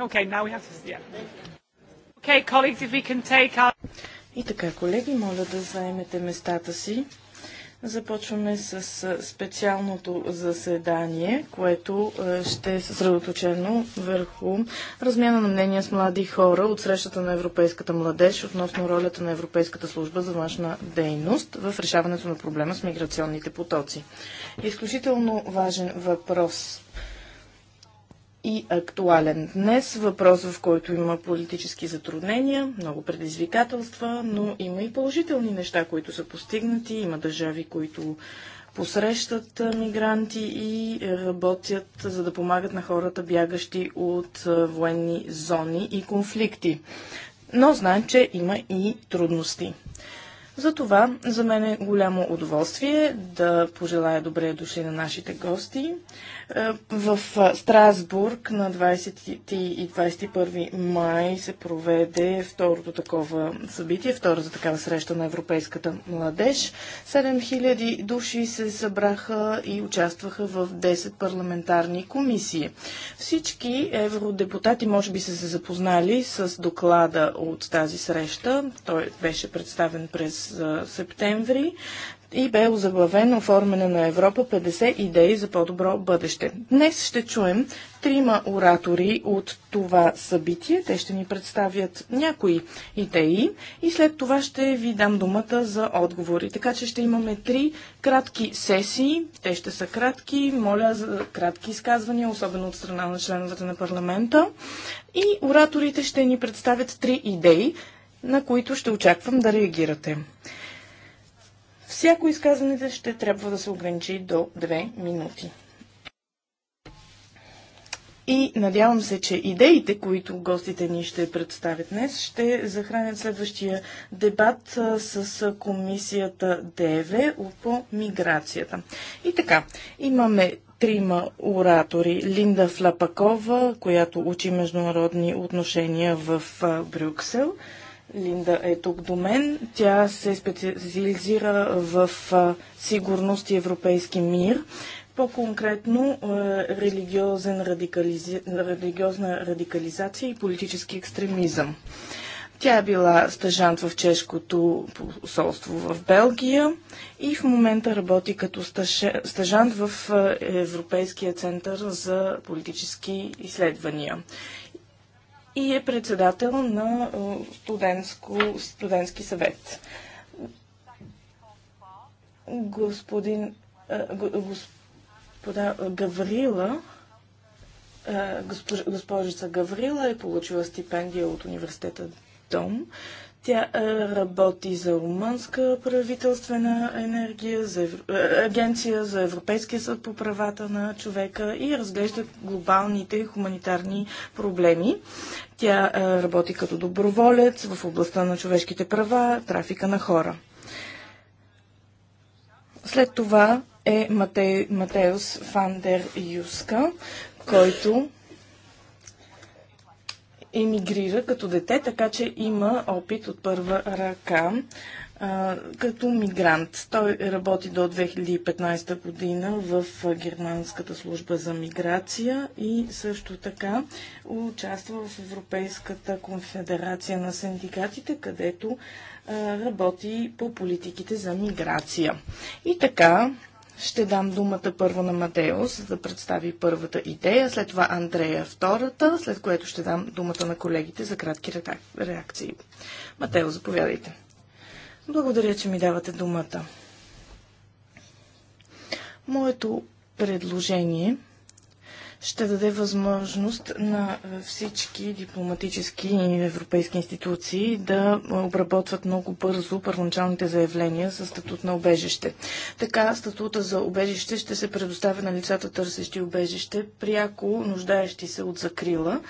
Okay, now we have to... Yeah. Okay, colleagues, if we can take our... И така, колеги, моля да заемете местата си. Започваме с специалното заседание, което ще е съсредоточено върху размяна на мнения с млади хора от срещата на Европейската младеж относно ролята на Европейската служба за външна дейност в решаването на проблема с миграционните потоци. Изключително важен въпрос и актуален днес. Въпрос, в който има политически затруднения, много предизвикателства, но има и положителни неща, които са постигнати. Има държави, които посрещат мигранти и работят, за да помагат на хората, бягащи от военни зони и конфликти. Но знаем, че има и трудности. Затова за мен е голямо удоволствие да пожелая добре дошли на нашите гости. Е, в Страсбург на 20 и 21 май се проведе второто такова събитие, втората такава среща на европейската младеж. 7000 души се събраха и участваха в 10 парламентарни комисии. Всички евродепутати може би са се запознали с доклада от тази среща. Той беше представен през септември и бе озаглавено оформяне на Европа 50 идеи за по-добро бъдеще. Днес ще чуем трима оратори от това събитие. Те ще ни представят някои идеи и след това ще ви дам думата за отговори. Така че ще имаме три кратки сесии. Те ще са кратки. Моля за кратки изказвания, особено от страна на членовете на парламента. И ораторите ще ни представят три идеи, на които ще очаквам да реагирате. Всяко изказване ще трябва да се ограничи до 2 минути. И надявам се, че идеите, които гостите ни ще представят днес, ще захранят следващия дебат с комисията ДВ по миграцията. И така, имаме трима оратори. Линда Флапакова, която учи международни отношения в Брюксел. Линда е тук до мен. Тя се специализира в сигурност и европейски мир. По-конкретно религиозен радикализи... религиозна радикализация и политически екстремизъм. Тя е била стъжант в чешкото посолство в Белгия и в момента работи като стъжант в Европейския център за политически изследвания и е председател на е, студентски съвет. Господин, е, господа Гаврила, е, госпожица Гаврила е получила стипендия от университета Дом тя е, работи за румънска правителствена енергия, за Евро... Е, агенция за Европейския съд по правата на човека и разглежда глобалните хуманитарни проблеми. Тя е, работи като доброволец в областта на човешките права, трафика на хора. След това е Матеус Фандер Юска, който емигрира като дете, така че има опит от първа ръка а, като мигрант. Той работи до 2015 година в Германската служба за миграция и също така участва в Европейската конфедерация на синдикатите, където а, работи по политиките за миграция. И така, ще дам думата първо на Матео, за да представи първата идея, след това Андрея втората, след което ще дам думата на колегите за кратки реакции. Матео, заповядайте. Благодаря, че ми давате думата. Моето предложение ще даде възможност на всички дипломатически и европейски институции да обработват много бързо първоначалните заявления за статут на обежище. Така статута за обежище ще се предоставя на лицата търсещи обежище, пряко нуждаещи се от закрила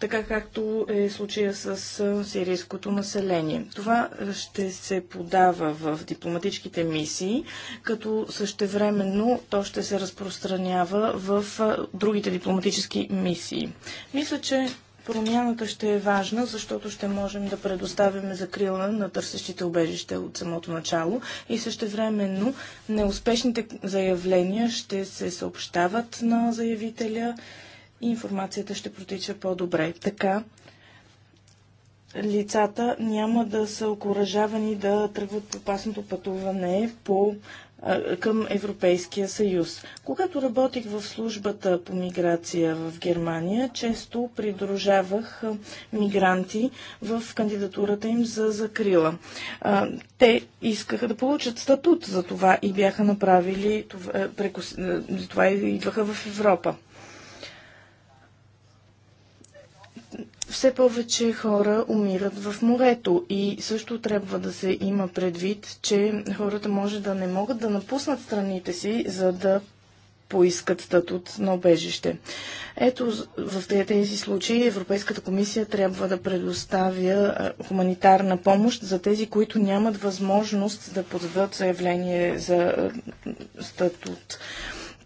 така както е случая с сирийското население. Това ще се подава в дипломатическите мисии, като същевременно то ще се разпространява в другите дипломатически мисии. Мисля, че промяната ще е важна, защото ще можем да предоставяме закрила на търсещите убежище от самото начало и същевременно неуспешните заявления ще се съобщават на заявителя и информацията ще протича по-добре. Така, лицата няма да са окоръжавани да тръгват по опасното пътуване по, а, към Европейския съюз. Когато работих в службата по миграция в Германия, често придружавах мигранти в кандидатурата им за закрила. А, те искаха да получат статут за това и бяха направили това, прекус... това и идваха в Европа. Все повече хора умират в морето и също трябва да се има предвид, че хората може да не могат да напуснат страните си, за да поискат статут на обежище. Ето, в тези случаи Европейската комисия трябва да предоставя хуманитарна помощ за тези, които нямат възможност да подадат заявление за статут.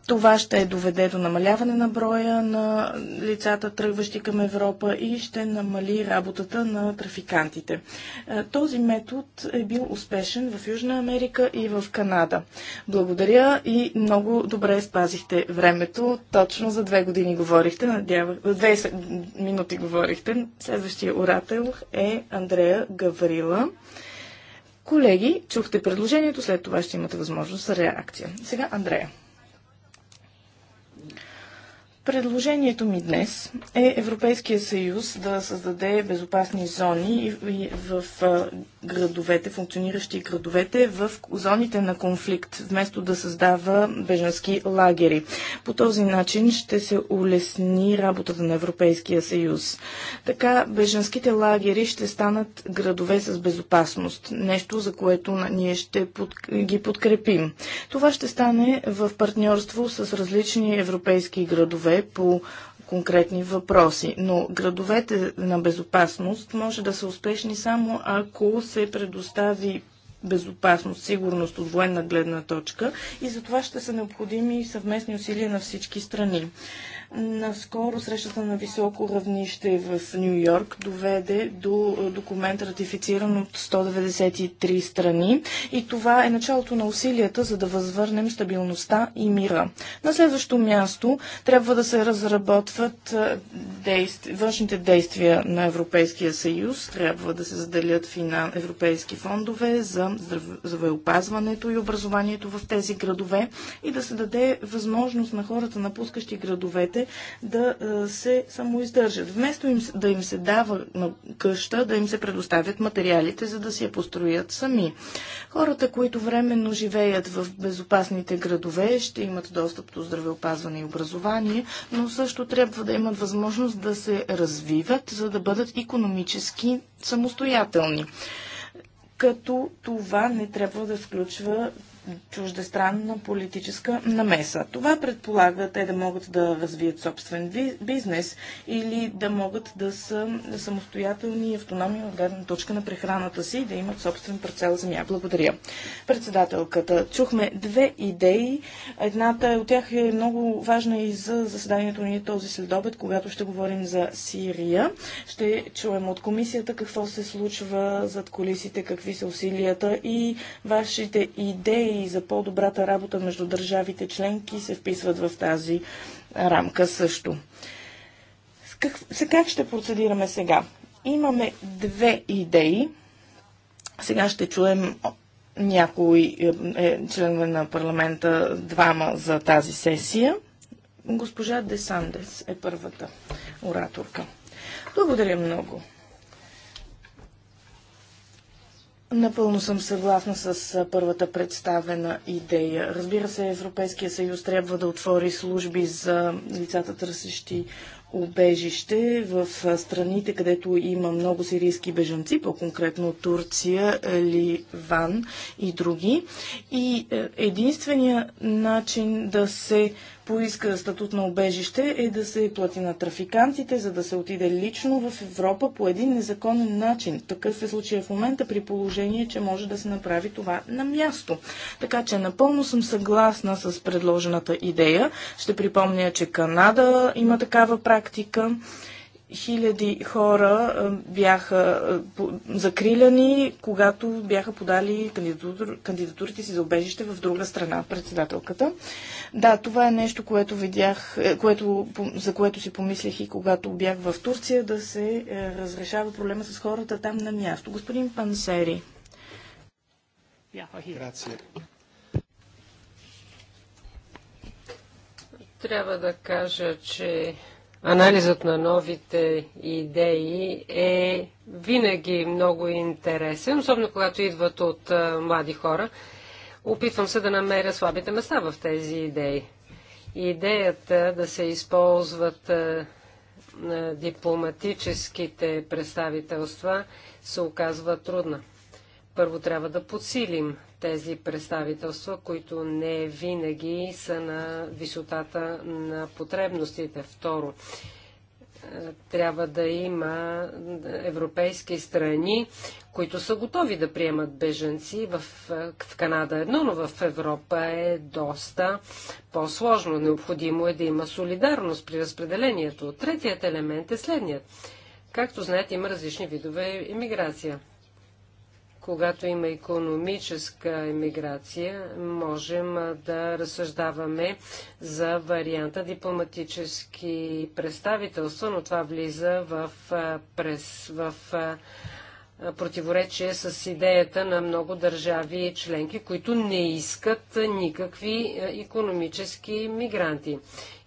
Това ще доведе до намаляване на броя на лицата, тръгващи към Европа и ще намали работата на трафикантите. Е, този метод е бил успешен в Южна Америка и в Канада. Благодаря и много добре спазихте времето. Точно за две години говорихте, надявах, за две минути говорихте. Следващия орател е Андрея Гаврила. Колеги, чухте предложението, след това ще имате възможност за реакция. Сега Андрея. Предложението ми днес е Европейския съюз да създаде безопасни зони в градовете, функциониращи градовете, в зоните на конфликт, вместо да създава беженски лагери. По този начин ще се улесни работата на Европейския съюз. Така беженските лагери ще станат градове с безопасност, нещо за което ние ще под... ги подкрепим. Това ще стане в партньорство с различни европейски градове градове по конкретни въпроси. Но градовете на безопасност може да са успешни само ако се предостави безопасност, сигурност от военна гледна точка и за това ще са необходими съвместни усилия на всички страни. Наскоро срещата на високо равнище в Нью Йорк доведе до е, документ ратифициран от 193 страни и това е началото на усилията за да възвърнем стабилността и мира. На следващо място трябва да се разработват е, действ... външните действия на Европейския съюз. Трябва да се заделят фина... европейски фондове за здравеопазването и образованието в тези градове и да се даде възможност на хората, напускащи градовете, гражданите да се самоиздържат. Вместо им, да им се дава на къща, да им се предоставят материалите, за да си я построят сами. Хората, които временно живеят в безопасните градове, ще имат достъп до здравеопазване и образование, но също трябва да имат възможност да се развиват, за да бъдат економически самостоятелни като това не трябва да включва чуждестранна политическа намеса. Това предполага те да могат да развият собствен бизнес или да могат да са самостоятелни и автономни от гледна точка на прехраната си и да имат собствен парцел земя. Благодаря. Председателката, чухме две идеи. Едната от тях е много важна и за заседанието ни този следобед, когато ще говорим за Сирия. Ще чуем от комисията какво се случва зад колисите, какви са усилията и вашите идеи и за по-добрата работа между държавите членки се вписват в тази рамка също. Как, как ще процедираме сега? Имаме две идеи. Сега ще чуем някои е, е, членове на парламента, двама за тази сесия. Госпожа Десандес е първата ораторка. Благодаря много. Напълно съм съгласна с първата представена идея. Разбира се, Европейския съюз трябва да отвори служби за лицата търсещи убежище в страните, където има много сирийски бежанци, по-конкретно Турция, Ливан и други. И е, единствения начин да се поиска статут на убежище е да се плати на трафикантите, за да се отиде лично в Европа по един незаконен начин. Такъв е случая в момента при положение, че може да се направи това на място. Така че напълно съм съгласна с предложената идея. Ще припомня, че Канада има такава практика хиляди хора е, бяха е, закриляни, когато бяха подали кандидатур, кандидатурите си за обежище в друга страна, председателката. Да, това е нещо, което видях, е, което, за което си помислих и когато бях в Турция, да се разрешава проблема с хората там на място. Господин Пансери. Грация. Трябва да кажа, че Анализът на новите идеи е винаги много интересен, особено когато идват от млади хора. Опитвам се да намеря слабите места в тези идеи. Идеята да се използват дипломатическите представителства се оказва трудна. Първо трябва да подсилим тези представителства, които не винаги са на висотата на потребностите. Второ, е, трябва да има европейски страни, които са готови да приемат беженци. В, е, в Канада едно, но в Европа е доста по-сложно. Необходимо е да има солидарност при разпределението. Третият елемент е следният. Както знаете, има различни видове иммиграция когато има економическа емиграция, можем да разсъждаваме за варианта дипломатически представителства, но това влиза в, през, в противоречие с идеята на много държави и членки, които не искат никакви економически мигранти.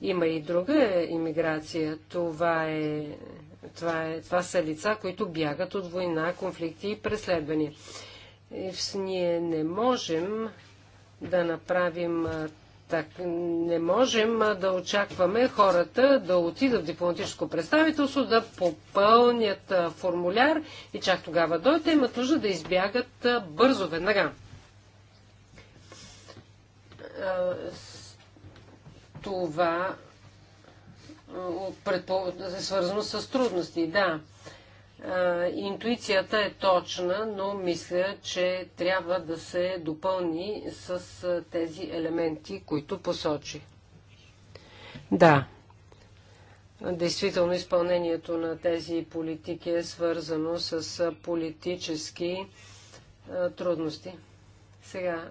Има и друга иммиграция. Това е това, е, това са лица, които бягат от война, конфликти и преследвания. ние не можем да направим так, не можем да очакваме хората да отидат в дипломатическо представителство, да попълнят формуляр и чак тогава дойдат, имат нужда да избягат бързо, веднага. Това е свързано с трудности. Да, интуицията е точна, но мисля, че трябва да се допълни с тези елементи, които посочи. Да, действително изпълнението на тези политики е свързано с политически трудности. Сега,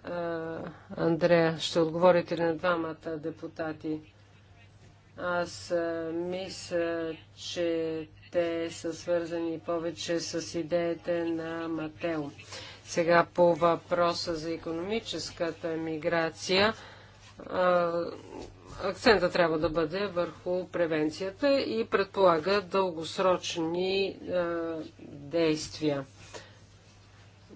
Андрея, ще отговорите ли на двамата депутати? Аз мисля, че те са свързани повече с идеите на Матео. Сега по въпроса за економическата миграция, акцента трябва да бъде върху превенцията и предполага дългосрочни действия.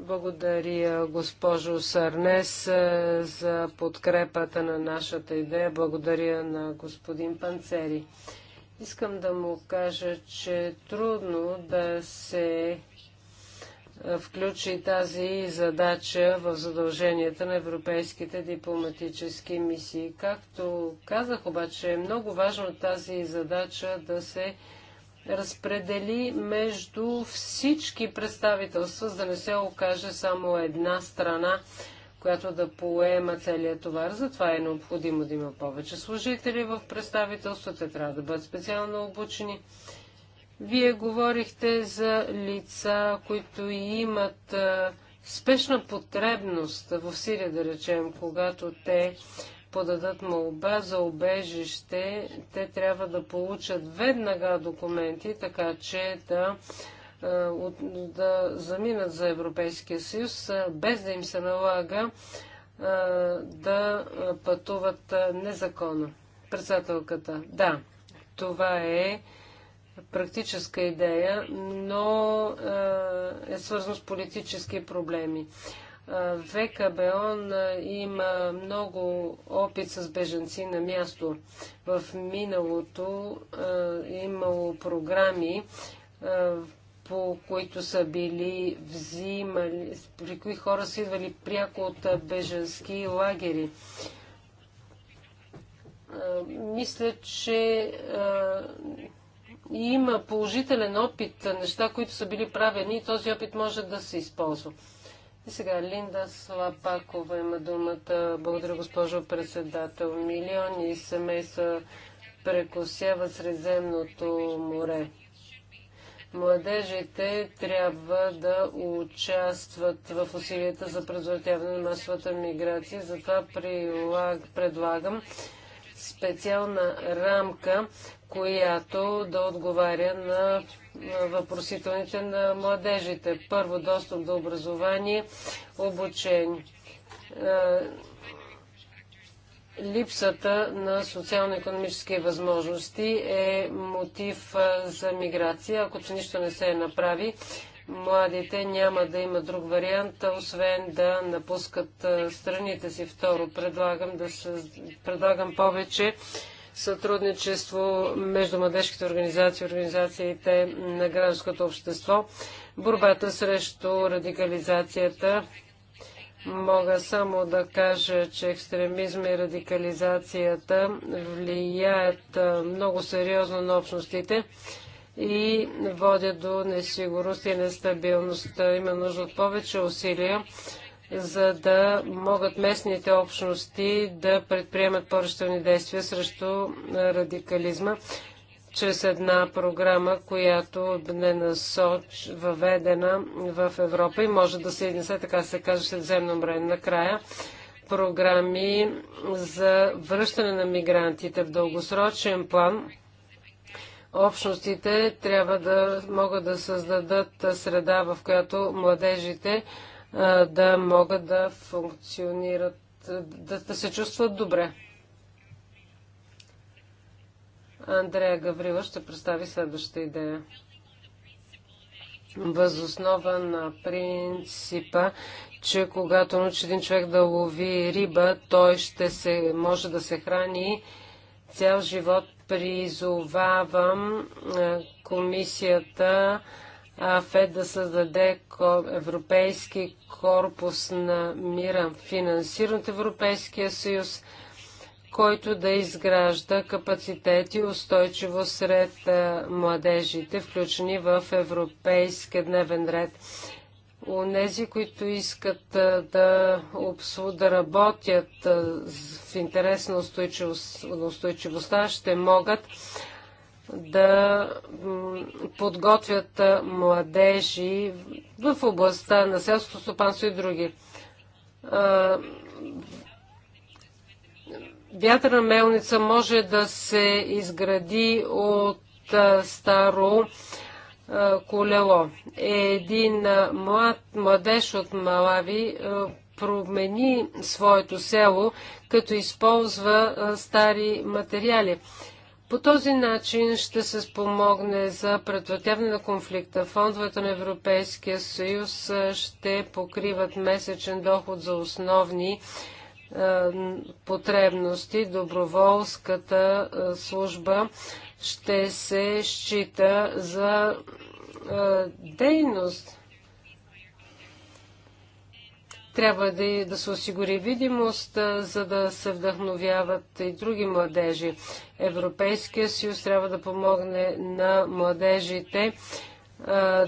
Благодаря, госпожо Сърнес, е, за подкрепата на нашата идея. Благодаря на господин Панцери. Искам да му кажа, че е трудно да се е, включи тази задача в задълженията на европейските дипломатически мисии. Както казах обаче, е много важно тази задача да се разпредели между всички представителства, за да не се окаже само една страна, която да поема целият товар. Затова е необходимо да има повече служители в представителството. Те трябва да бъдат специално обучени. Вие говорихте за лица, които имат спешна потребност в Сирия, да речем, когато те подадат молба за обежище, те трябва да получат веднага документи, така че да, е, да заминат за Европейския съюз, е, без да им се налага е, да пътуват незаконно. Председателката, да, това е практическа идея, но е свързано с политически проблеми. ВКБОН има много опит с беженци на място. В миналото е имало програми, по които са били взимали, при кои хора са идвали пряко от беженски лагери. Мисля, че има положителен опит, неща, които са били правени и този опит може да се използва. И сега Линда Слапакова има думата. Благодаря, госпожо председател. Милиони семейства прекосяват Средземното море. Младежите трябва да участват в усилията за предотвратяване на масовата миграция. Затова прилаг, предлагам специална рамка която да отговаря на въпросителните на младежите. Първо, достъп до образование, обучение. Е, липсата на социално-економически възможности е мотив е, за миграция. Ако че нищо не се направи, младите няма да има друг вариант, освен да напускат е, страните си. Второ, предлагам, да съ... предлагам повече сътрудничество между младежките организации организациите на гражданското общество, борбата срещу радикализацията. Мога само да кажа, че екстремизма и радикализацията влияят много сериозно на общностите и водят до несигурност и нестабилност. Има нужда от повече усилия за да могат местните общности да предприемат по-решителни действия срещу радикализма чрез една програма, която е насоч, въведена в Европа и може да се изнесе, така се каже, Средземно море. Накрая програми за връщане на мигрантите в дългосрочен план. Общностите трябва да могат да създадат среда, в която младежите да могат да функционират, да, да се чувстват добре. Андрея Гаврила ще представи следващата идея. Възоснова на принципа, че когато научи един човек да лови риба, той ще се, може да се храни цял живот. Призовавам комисията ФЕД да създаде Европейски корпус на мира, финансиран от Европейския съюз, който да изгражда капацитет и устойчиво сред младежите, включени в европейски дневен ред. Онези, които искат да, обсу, да работят в интерес на, устойчивост, на устойчивостта, ще могат да подготвят младежи в областта на селското стопанство и други. Вятърна мелница може да се изгради от старо колело. Един млад младеж от Малави промени своето село, като използва стари материали. По този начин ще се спомогне за предотвратяване на конфликта. Фондовете на Европейския съюз ще покриват месечен доход за основни потребности. Доброволската служба ще се счита за дейност. Трябва да, да се осигури видимост, за да се вдъхновяват и други младежи. Европейския съюз трябва да помогне на младежите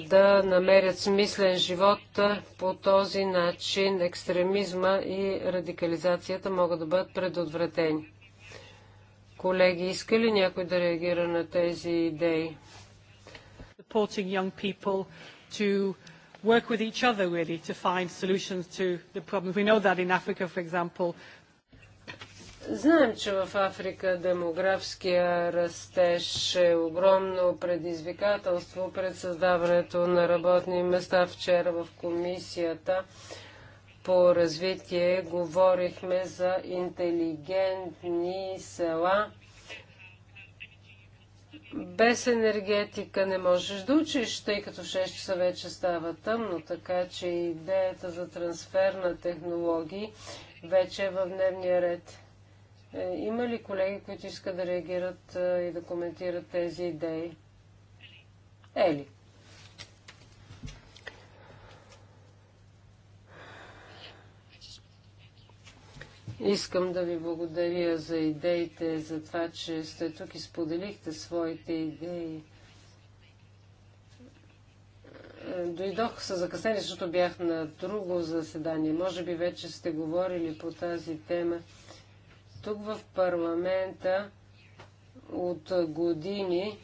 да намерят смислен живот. По този начин екстремизма и радикализацията могат да бъдат предотвратени. Колеги, иска ли някой да реагира на тези идеи? to work with each other really to find solutions to the problems. We know that in Africa, for example. Знаем, че в Африка демографския растеж е огромно предизвикателство пред създаването на работни места. Вчера в комисията по развитие говорихме за интелигентни села – без енергетика не можеш да учиш, тъй като в 6 часа вече става тъмно, така че идеята за трансфер на технологии вече е в дневния ред. Е, има ли колеги, които искат да реагират е, и да коментират тези идеи? Ели. Искам да ви благодаря за идеите, за това, че сте тук и споделихте своите идеи. Дойдох с закъснение, защото бях на друго заседание. Може би вече сте говорили по тази тема. Тук в парламента от години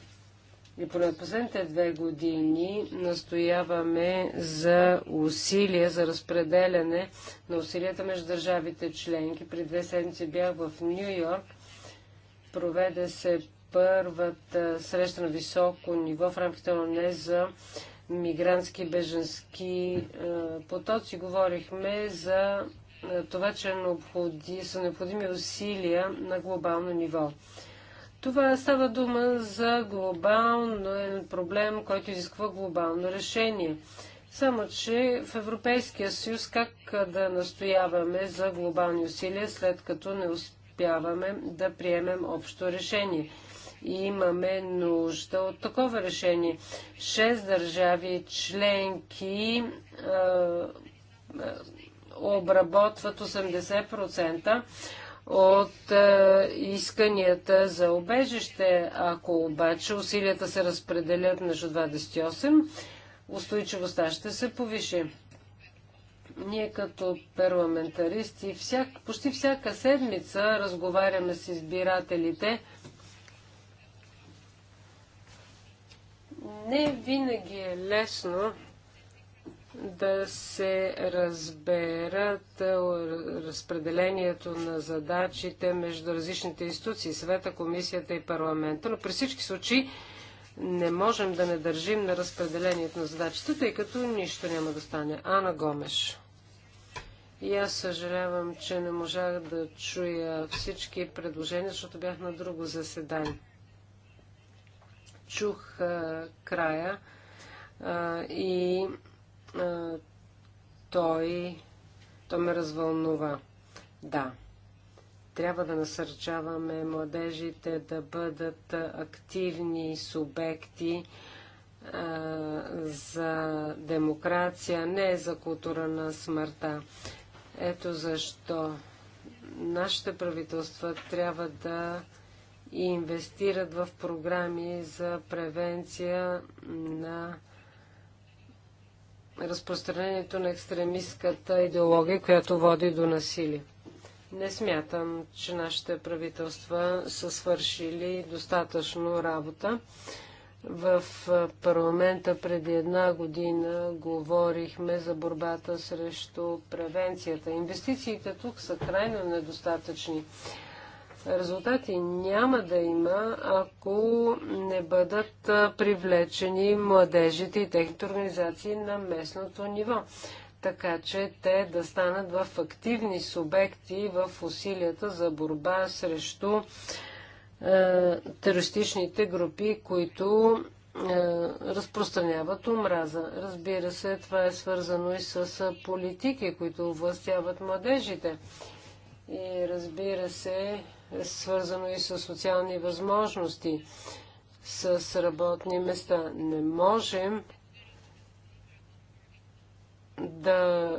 и поне последните две години настояваме за усилия, за разпределяне на усилията между държавите членки. При две седмици бях в Нью Йорк. Проведе се първата среща на високо ниво в рамките на не за мигрантски беженски е, потоци. Говорихме за е, това, че е необходи, са необходими усилия на глобално ниво. Това става дума за глобален проблем, който изисква глобално решение. Само, че в Европейския съюз как да настояваме за глобални усилия, след като не успяваме да приемем общо решение? И имаме нужда от такова решение. Шест държави членки е, обработват 80% от е, исканията за обежище. Ако обаче усилията се разпределят между 28, устойчивостта ще се повиши. Ние като парламентаристи всяк, почти всяка седмица разговаряме с избирателите. Не винаги е лесно да се разберат е, разпределението на задачите между различните институции, съвета, комисията и парламента. Но при всички случаи не можем да не държим на разпределението на задачите, тъй като нищо няма да стане. Ана Гомеш. И аз съжалявам, че не можах да чуя всички предложения, защото бях на друго заседание. Чух а, е, края а, е, и той, той ме развълнува. Да, трябва да насърчаваме младежите да бъдат активни субекти а, за демокрация, не за култура на смъртта. Ето защо нашите правителства трябва да инвестират в програми за превенция на разпространението на екстремистската идеология, която води до насилие. Не смятам, че нашите правителства са свършили достатъчно работа. В парламента преди една година говорихме за борбата срещу превенцията. Инвестициите тук са крайно недостатъчни. Резултати няма да има, ако не бъдат привлечени младежите и техните организации на местното ниво, така че те да станат в активни субекти в усилията за борба срещу е, терористичните групи, които е, разпространяват омраза. Разбира се, това е свързано и с политики, които властяват младежите. И разбира се, е свързано и с социални възможности, с работни места. Не можем да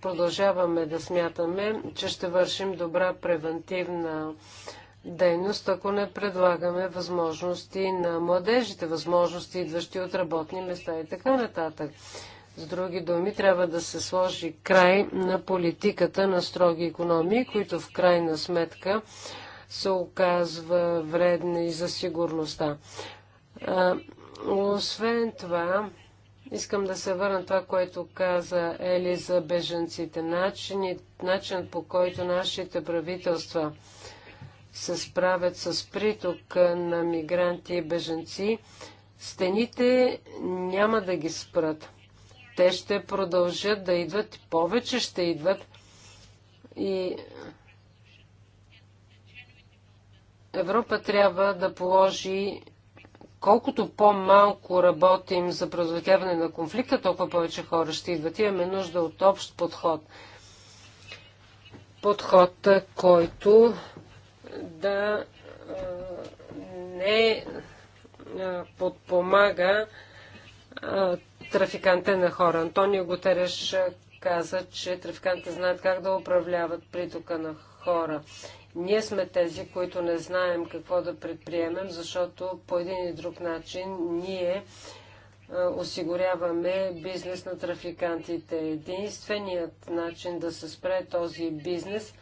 продължаваме да смятаме, че ще вършим добра превентивна дейност, ако не предлагаме възможности на младежите, възможности идващи от работни места и така нататък. С други думи, трябва да се сложи край на политиката на строги економии, които в крайна сметка се оказва вредна и за сигурността. освен това, искам да се върна това, което каза Ели за беженците. Начинът, начинът по който нашите правителства се справят с приток на мигранти и беженци, стените няма да ги спрат. Те ще продължат да идват, повече ще идват. И Европа трябва да положи колкото по-малко работим за предотвратяване на конфликта, толкова повече хора ще идват. Имаме нужда от общ подход. Подход, който да не подпомага трафиканте на хора. Антонио Гутереш каза, че трафикантите знаят как да управляват притока на хора. Ние сме тези, които не знаем какво да предприемем, защото по един и друг начин ние осигуряваме бизнес на трафикантите. Единственият начин да се спре този бизнес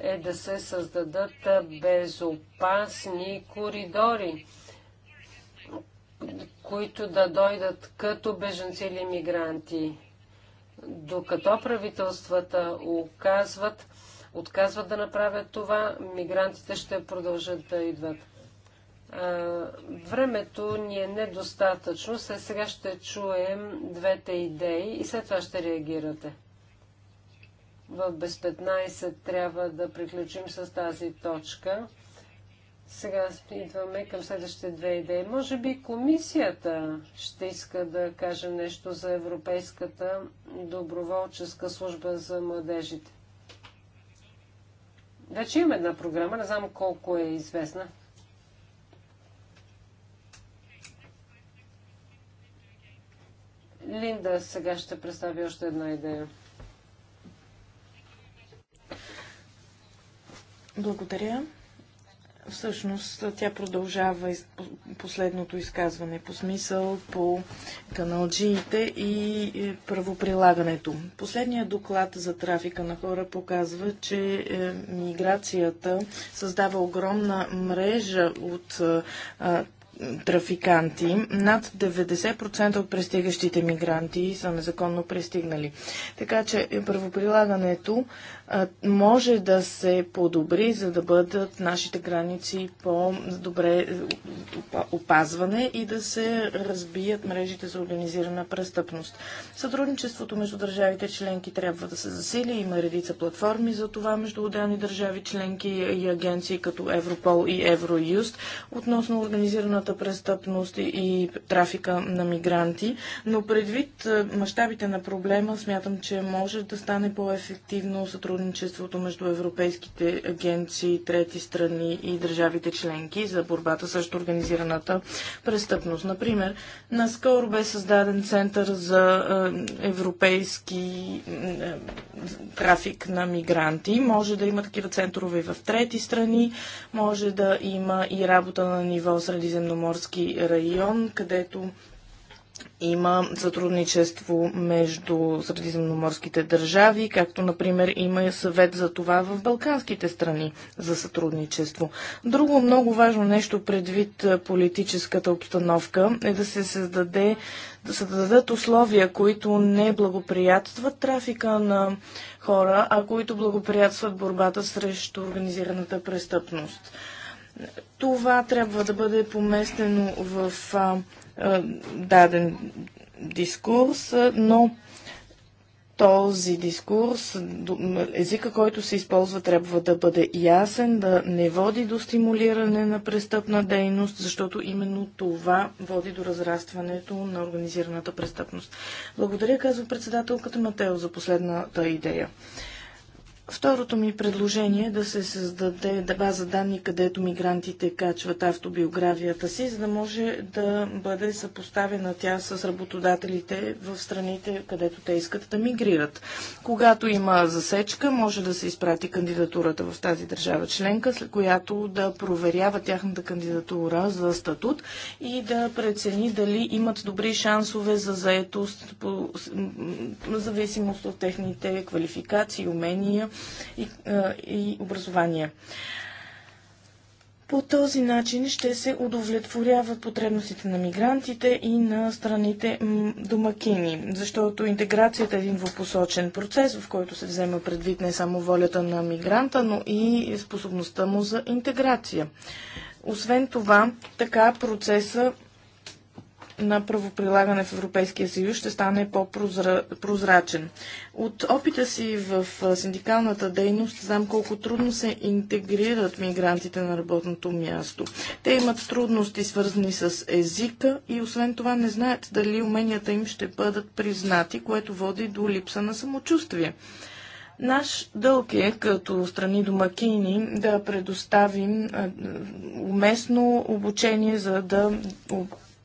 е да се създадат безопасни коридори които да дойдат като беженци или мигранти, докато правителствата указват, отказват да направят това, мигрантите ще продължат да идват. А, времето ни е недостатъчно. След сега ще чуем двете идеи и след това ще реагирате. В без 15 трябва да приключим с тази точка. Сега идваме към следващите две идеи. Може би комисията ще иска да каже нещо за Европейската доброволческа служба за младежите. Вече имаме една програма, не знам колко е известна. Линда сега ще представи още една идея. Благодаря. Всъщност тя продължава последното изказване по смисъл, по каналджиите и е, правоприлагането. Последният доклад за трафика на хора показва, че е, миграцията създава огромна мрежа от е, трафиканти. Над 90% от пристигащите мигранти са незаконно пристигнали. Така че правоприлагането може да се подобри, за да бъдат нашите граници по-добре е, опазване и да се разбият мрежите за организирана престъпност. Сътрудничеството между държавите членки трябва да се засили. Има редица платформи за това между отделни държави членки и агенции като Европол и Евроюст относно организираната организираната престъпност и трафика на мигранти, но предвид е, мащабите на проблема, смятам, че може да стане по-ефективно сътрудничеството между европейските агенции, трети страни и държавите членки за борбата срещу организираната престъпност. Например, наскоро бе създаден център за е, европейски е, трафик на мигранти. Може да има такива центрове в трети страни, може да има и работа на ниво средиземно Черноморски район, където има сътрудничество между средиземноморските държави, както, например, има и съвет за това в балканските страни за сътрудничество. Друго много важно нещо предвид политическата обстановка е да се създаде, да се дадат условия, които не благоприятстват трафика на хора, а които благоприятстват борбата срещу организираната престъпност. Това трябва да бъде поместено в а, а, даден дискурс, но този дискурс, езика, който се използва, трябва да бъде ясен, да не води до стимулиране на престъпна дейност, защото именно това води до разрастването на организираната престъпност. Благодаря, казва председателката Матео, за последната идея. Второто ми предложение е да се създаде база данни, където мигрантите качват автобиографията си, за да може да бъде съпоставена тя с работодателите в страните, където те искат да мигрират. Когато има засечка, може да се изпрати кандидатурата в тази държава членка, след която да проверява тяхната кандидатура за статут и да прецени дали имат добри шансове за заетост, по, зависимост от техните квалификации, умения и, и образование. По този начин ще се удовлетворяват потребностите на мигрантите и на страните домакини, защото интеграцията е един двупосочен процес, в който се взема предвид не само волята на мигранта, но и способността му за интеграция. Освен това, така процеса на правоприлагане в Европейския съюз ще стане по-прозрачен. От опита си в синдикалната дейност знам колко трудно се интегрират мигрантите на работното място. Те имат трудности свързани с езика и освен това не знаят дали уменията им ще бъдат признати, което води до липса на самочувствие. Наш дълг е, като страни домакини, да предоставим уместно обучение, за да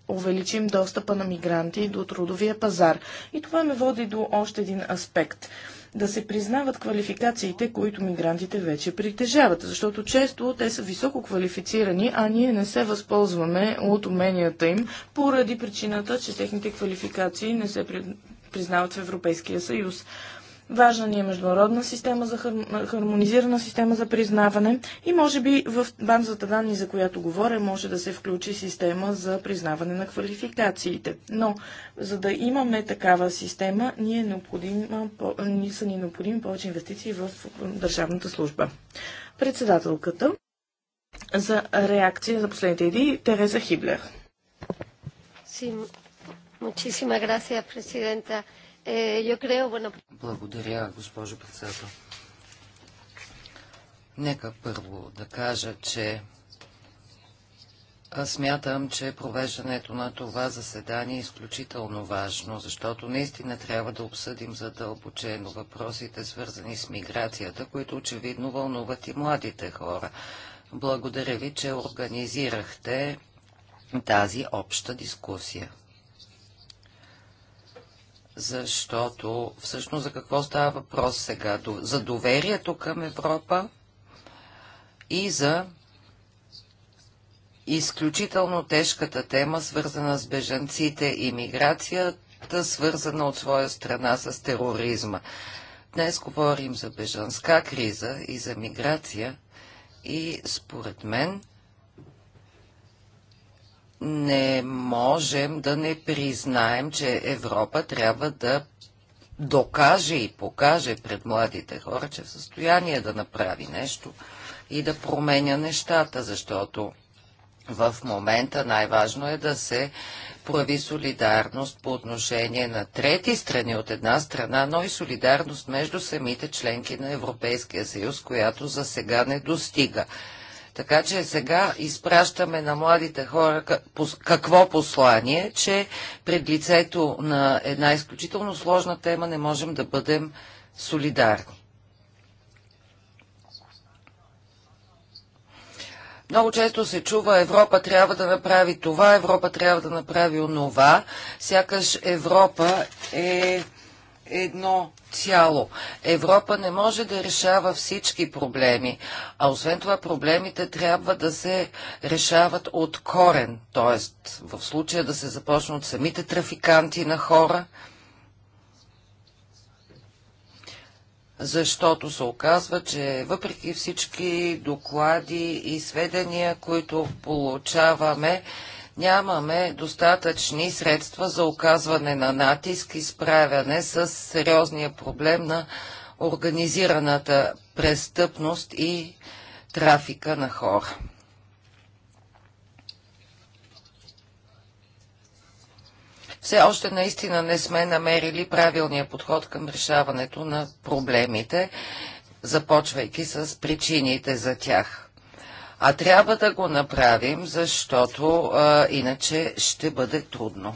увеличим достъпа на мигранти до трудовия пазар. И това ме води до още един аспект да се признават квалификациите, които мигрантите вече притежават, защото често те са високо квалифицирани, а ние не се възползваме от уменията им, поради причината, че техните квалификации не се признават в Европейския съюз. Важна ни е международна система за хар... хармонизирана система за признаване и може би в банзата данни, за която говоря, може да се включи система за признаване на квалификациите. Но за да имаме такава система, ние е необходим, по... ни са ни необходими повече инвестиции в държавната служба. Председателката за реакция за последните идеи Тереза Хиблер. Sí. Muchísimas gracias, Presidenta. Eh, Благодаря, госпожо председател. Нека първо да кажа, че аз смятам, че провеждането на това заседание е изключително важно, защото наистина трябва да обсъдим задълбочено въпросите, свързани с миграцията, които очевидно вълнуват и младите хора. Благодаря ви, че организирахте тази обща дискусия защото всъщност за какво става въпрос сега? За доверието към Европа и за изключително тежката тема, свързана с бежанците и миграцията, свързана от своя страна с тероризма. Днес говорим за бежанска криза и за миграция и според мен – не можем да не признаем, че Европа трябва да докаже и покаже пред младите хора, че е в състояние да направи нещо и да променя нещата, защото в момента най-важно е да се прояви солидарност по отношение на трети страни от една страна, но и солидарност между самите членки на Европейския съюз, която за сега не достига. Така че сега изпращаме на младите хора какво послание, че пред лицето на една изключително сложна тема не можем да бъдем солидарни. Много често се чува Европа трябва да направи това, Европа трябва да направи онова. Сякаш Европа е едно цяло. Европа не може да решава всички проблеми, а освен това проблемите трябва да се решават от корен, т.е. в случая да се започне от самите трафиканти на хора, защото се оказва, че въпреки всички доклади и сведения, които получаваме, Нямаме достатъчни средства за оказване на натиск и справяне с сериозния проблем на организираната престъпност и трафика на хора. Все още наистина не сме намерили правилния подход към решаването на проблемите, започвайки с причините за тях. А трябва да го направим, защото а, иначе ще бъде трудно.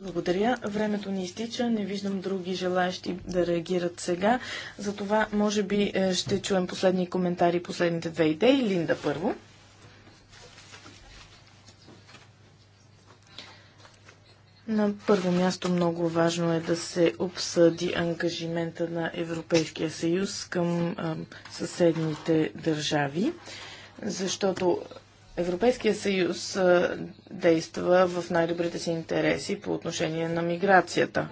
Благодаря. Времето ни изтича. Не виждам други желаящи да реагират сега. Затова, може би, е, ще чуем последни коментари, последните две идеи. Линда първо. На първо място много важно е да се обсъди ангажимента на Европейския съюз към съседните държави, защото Европейския съюз действа в най-добрите си интереси по отношение на миграцията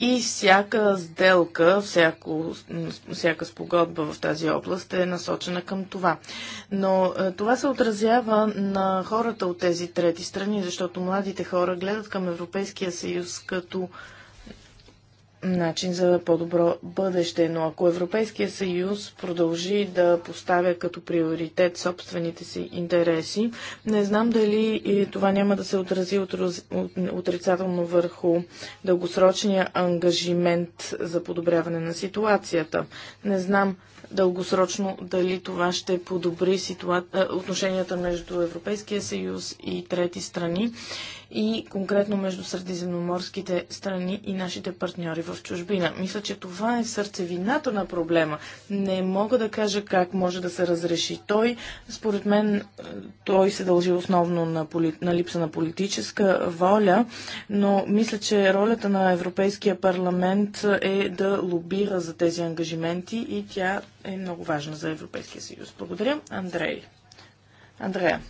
и всяка сделка, всяко, всяка спогодба в тази област е насочена към това. Но е, това се отразява на хората от тези трети страни, защото младите хора гледат към Европейския съюз като начин за по-добро бъдеще. Но ако Европейския съюз продължи да поставя като приоритет собствените си интереси, не знам дали и това няма да се отрази отрицателно върху дългосрочния ангажимент за подобряване на ситуацията. Не знам дългосрочно дали това ще подобри ситуа... Е, отношенията между Европейския съюз и трети страни и конкретно между средиземноморските страни и нашите партньори в чужбина. Мисля, че това е сърцевината на проблема. Не мога да кажа как може да се разреши той. Според мен е, той се дължи основно на, поли... на липса на политическа воля, но мисля, че ролята на Европейския парламент е да лобира за тези ангажименти и тя е много важна за Европейския съюз. Благодаря, Андрей. Андрея.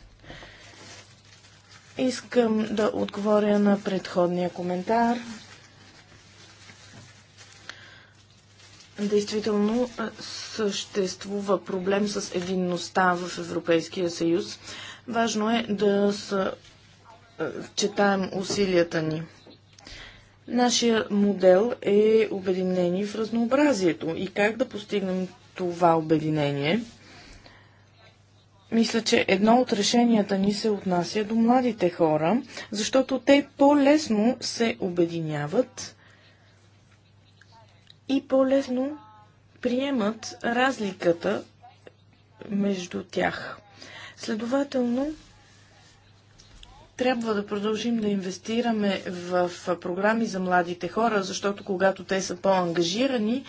Искам да отговоря на предходния коментар. Действително съществува проблем с единността в Европейския съюз. Важно е да са, четаем усилията ни. Нашия модел е обединени в разнообразието и как да постигнем това обединение. Мисля, че едно от решенията ни се отнася до младите хора, защото те по-лесно се обединяват и по-лесно приемат разликата между тях. Следователно, трябва да продължим да инвестираме в програми за младите хора, защото когато те са по-ангажирани,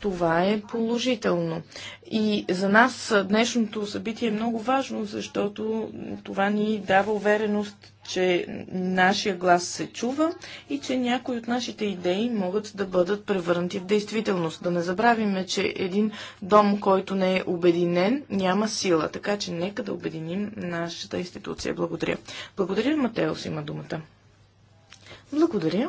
това е положително. И за нас днешното събитие е много важно, защото това ни дава увереност, че нашия глас се чува и че някои от нашите идеи могат да бъдат превърнати в действителност. Да не забравиме, че един дом, който не е обединен, няма сила. Така че нека да обединим нашата институция. Благодаря. Благодаря, Матеос има думата. Благодаря.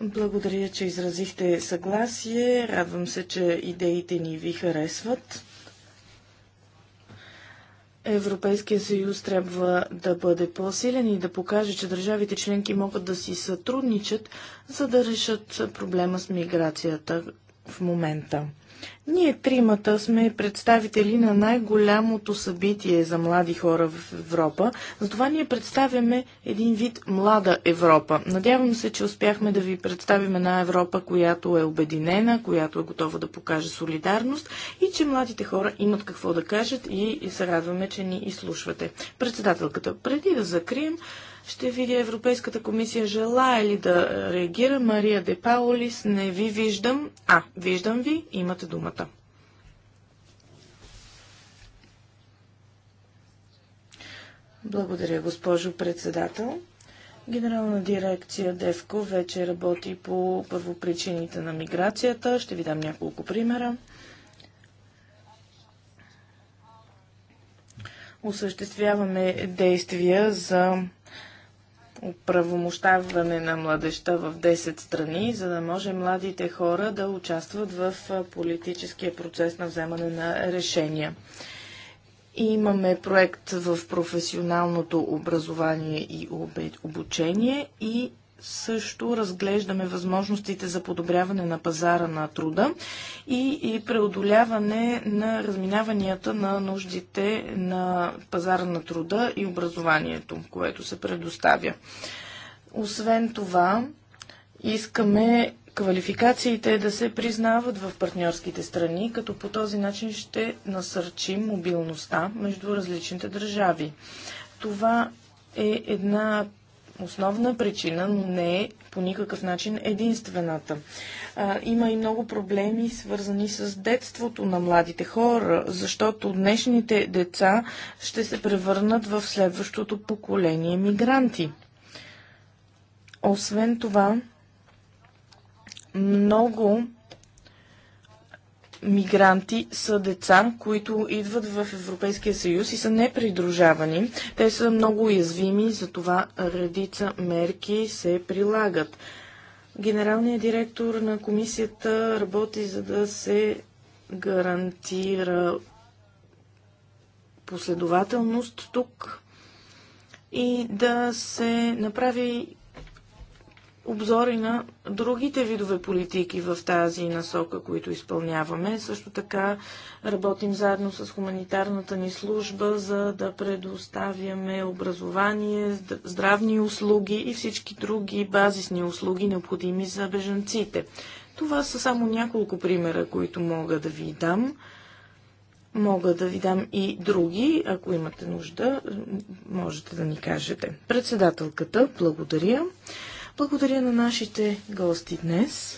Благодаря, че изразихте съгласие. Радвам се, че идеите ни ви харесват. Европейския съюз трябва да бъде по-силен и да покаже, че държавите членки могат да си сътрудничат, за да решат проблема с миграцията в момента. Ние тримата сме представители на най-голямото събитие за млади хора в Европа, затова ние представяме един вид млада Европа. Надявам се, че успяхме да ви представим една Европа, която е обединена, която е готова да покаже солидарност и че младите хора имат какво да кажат и се радваме, че ни изслушвате. Председателката, преди да закрием, ще видя Европейската комисия желая ли да реагира. Мария Де Паулис, не ви виждам. А, виждам ви, имате думата. Благодаря, госпожо председател. Генерална дирекция ДЕВКО вече работи по първопричините на миграцията. Ще ви дам няколко примера. Осъществяваме действия за оправомощаване на младеща в 10 страни, за да може младите хора да участват в политическия процес на вземане на решения. Имаме проект в професионалното образование и обучение и също разглеждаме възможностите за подобряване на пазара на труда и, и преодоляване на разминаванията на нуждите на пазара на труда и образованието, което се предоставя. Освен това, искаме квалификациите да се признават в партньорските страни, като по този начин ще насърчим мобилността между различните държави. Това е една основна причина, но не е по никакъв начин единствената. А, има и много проблеми, свързани с детството на младите хора, защото днешните деца ще се превърнат в следващото поколение мигранти. Освен това, много мигранти са деца, които идват в Европейския съюз и са непридружавани. Те са много уязвими, затова редица мерки се прилагат. Генералният директор на комисията работи за да се гарантира последователност тук и да се направи обзори на другите видове политики в тази насока, които изпълняваме. Също така работим заедно с хуманитарната ни служба, за да предоставяме образование, здравни услуги и всички други базисни услуги, необходими за бежанците. Това са само няколко примера, които мога да ви дам. Мога да ви дам и други, ако имате нужда, можете да ни кажете. Председателката, благодаря. Благодаря на нашите гости днес.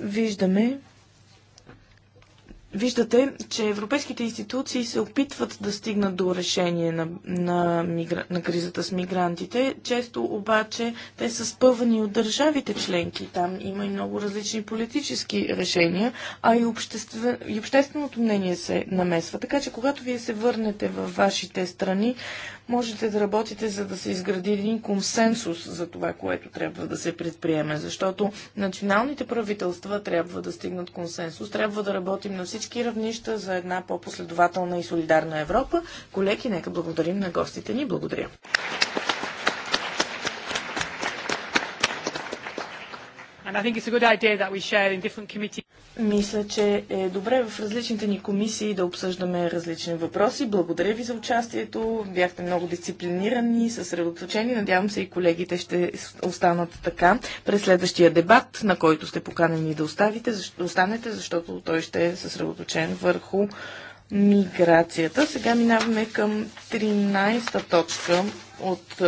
Виждаме, Виждате, че европейските институции се опитват да стигнат до решение на, на, мигра... на кризата с мигрантите. Често обаче те са спъвани от държавите членки. Там има и много различни политически решения, а и, обществе... и общественото мнение се намесва. Така че, когато вие се върнете във вашите страни, можете да работите, за да се изгради един консенсус за това, което трябва да се предприеме. Защото националните правителства трябва да стигнат консенсус, трябва да работим на всички всички равнища за една по-последователна и солидарна Европа. Колеги, нека благодарим на гостите ни. Благодаря. Мисля, че е добре в различните ни комисии да обсъждаме различни въпроси. Благодаря ви за участието. Бяхте много дисциплинирани, съсредоточени. Надявам се и колегите ще останат така през следващия дебат, на който сте поканени да оставите, защ... останете, защото той ще е съсредоточен върху миграцията. Сега минаваме към 13-та точка от